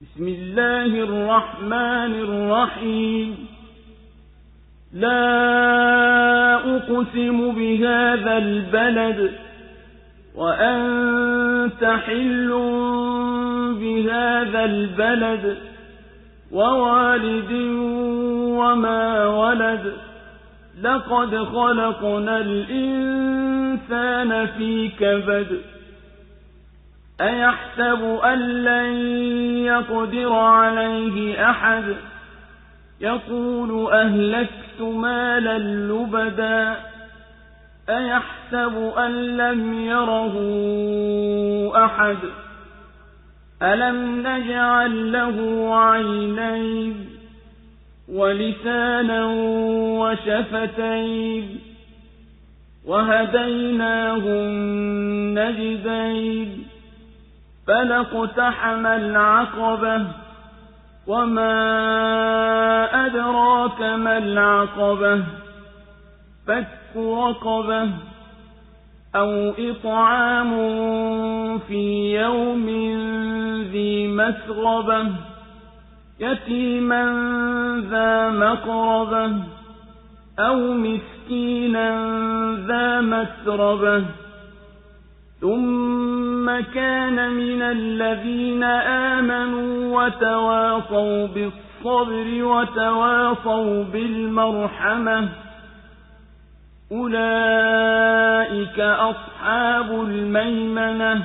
بسم الله الرحمن الرحيم لا أقسم بهذا البلد وأنت حل بهذا البلد ووالد وما ولد لقد خلقنا الإنسان في كبد أيحسب أن لن يقدر عليه أحد يقول أهلكت مالا لبدا أيحسب أن لم يره أحد ألم نجعل له عينين ولسانا وشفتين وهديناه النجدين فلا اقتحم العقبة وما أدراك ما العقبة فك رقبة أو إطعام في يوم ذي مسغبة يتيما ذا مقربة أو مسكينا ذا مسربة ثم كان من الذين آمنوا وتواصوا بالصبر وتواصوا بالمرحمة أولئك أصحاب الميمنة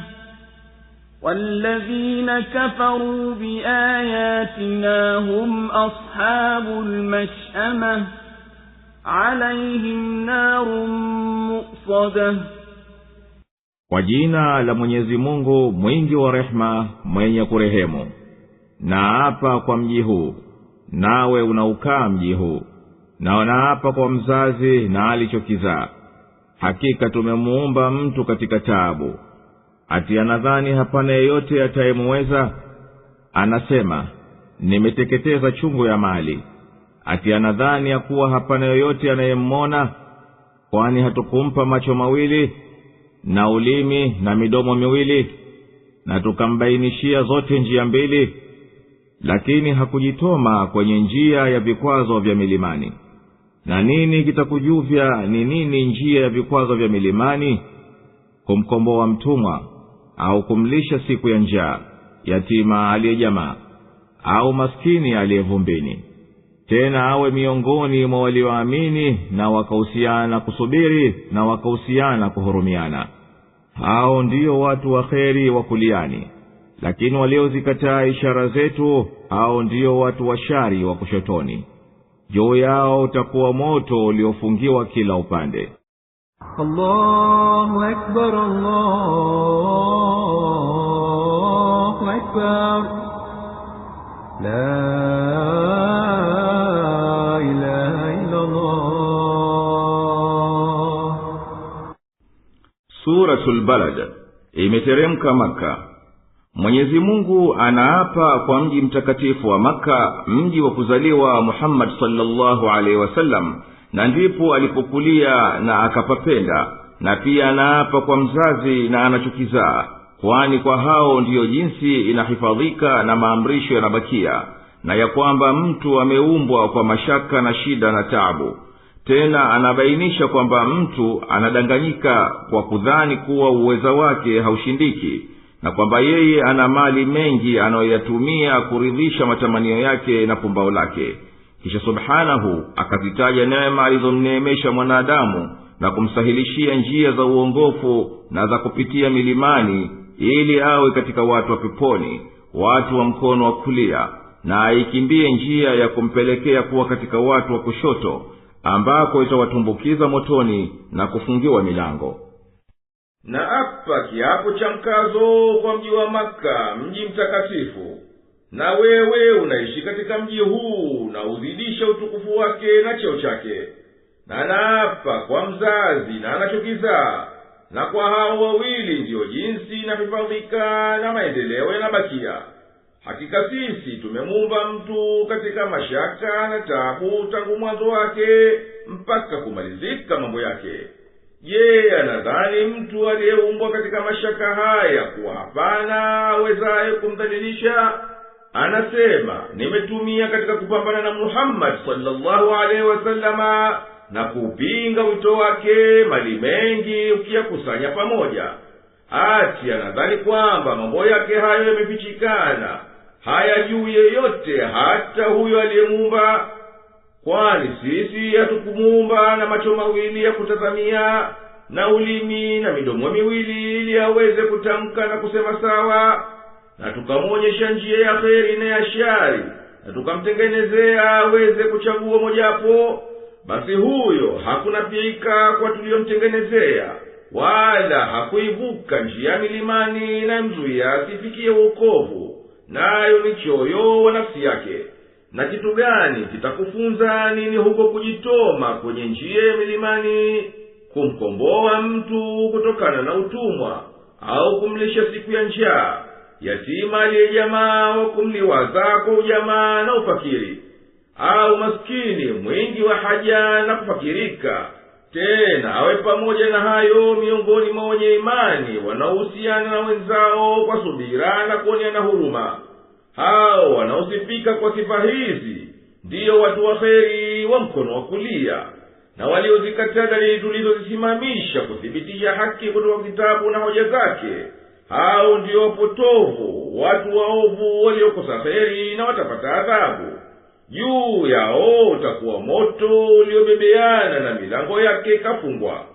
والذين كفروا بآياتنا هم أصحاب المشأمة عليهم نار مؤصده Kwa jina la Mwenyezi Mungu mwingi wa rehema, mwenye kurehemu. Naapa kwa mji huu, nawe unaukaa mji huu, na naapa kwa mzazi na alichokizaa. Hakika tumemuumba mtu katika taabu, ati anadhani hapana yeyote atayemuweza? Anasema, nimeteketeza chungu ya mali, ati anadhani ya kuwa hapana yeyote anayemmona? Kwani hatukumpa macho mawili na ulimi na midomo miwili na tukambainishia zote njia mbili lakini hakujitoma kwenye njia ya vikwazo vya milimani na nini kitakujuvya ni nini njia ya vikwazo vya milimani kumkomboa mtumwa au kumlisha siku ya njaa yatima aliyejamaa au maskini aliyevumbini tena awe miongoni mwa walioamini na wakahusiana kusubiri na wakahusiana kuhurumiana hao ndio watu wa kheri wa kuliani lakini waliozikataa ishara zetu hao ndio watu washari wa kushotoni juu yao utakuwa moto uliofungiwa kila upande Allahu akbar, Allahu akbar. La suratul balad imeteremka maka mwenyezi mungu anaapa kwa mji mtakatifu wa maka mji wa kuzaliwa muhammadi salllahu alaihi wasallam na ndipo alipokulia na akapapenda na pia anaapa kwa mzazi na anachokizaa kwani kwa hao ndiyo jinsi inahifadhika na maamrisho yanabakia na ya kwamba mtu ameumbwa kwa mashaka na shida na tabu tena anabainisha kwamba mtu anadanganyika kwa kudhani kuwa uweza wake haushindiki na kwamba yeye ana mali mengi anayoyatumia kuridhisha matamanio yake na pumbao lake kisha subhanahu akazitaja neema alizomneemesha mwanadamu na kumsahilishia njia za uongofu na za kupitia milimani ili awe katika watu wa peponi watu wa mkono wa kulia na aikimbie njia ya kumpelekea kuwa katika watu wa kushoto ambako itawatumbukiza motoni na kufungiwa milango na apa kiapo cha mkazo kwa mji wa maka mji mtakatifu na wewe unaishi katika mji huu na uzidisha utukufu wake na cheo chake na naapa kwa mzazi na anachokizaa na kwa hao wawili ndiyo jinsi inahifadhika na maendeleo yanabakia hakika sisi tumemumba mtu katika mashaka na tabu tangu mwanzo wake mpaka kumalizika mambo yake je anadhani mtu aliyeumbwa katika mashaka haya kuwa hapana awezaye kumdhalilisha anasema nimetumia katika kupambana na muhammadi sallallahu alaihi wasalama na kupinga wito wake mali mengi ukiyakusanya pamoja ati anadhani kwamba mambo yake hayo yamefichikana haya juu yeyote hata huyo aliyemuumba kwani sisi hatukumuumba na macho mawili ya kutazamia na ulimi na midomo miwili ili aweze kutamka na kusema sawa na tukamwonyesha njia ya heri na ya shari na tukamtengenezea aweze kuchagua mojapo basi huyo hakunafiika kwa tuliyomtengenezea wala hakuivuka njia ya milimani na mzuya asifikie uokovu nayo ni choyo wa nafsi yake na kitu gani kitakufunza nini huko kujitoma kwenye njia milimani kumkomboa mtu kutokana na utumwa au kumlisha siku ya njaa yatima jamaa wa kumliwaza kwa ujamaa na ufakiri au maskini mwingi wa haja na kufakirika tena awe pamoja na hayo miongoni mwa wenye imani wanaohusiana na wenzao kwa subira na kuoneana huruma hao wanaosifika kwa sifa hizi ndiyo watu wa heri wa mkono wa kulia na waliozikataa dalili tulizozisimamisha kuthibitisha haki kutoka kitabu na hoja zake hao ndio wapotovu watu waovu waliokosa heri na watapata adhabu juu yao utakuwa moto uliobebeana na milango yake kafungwa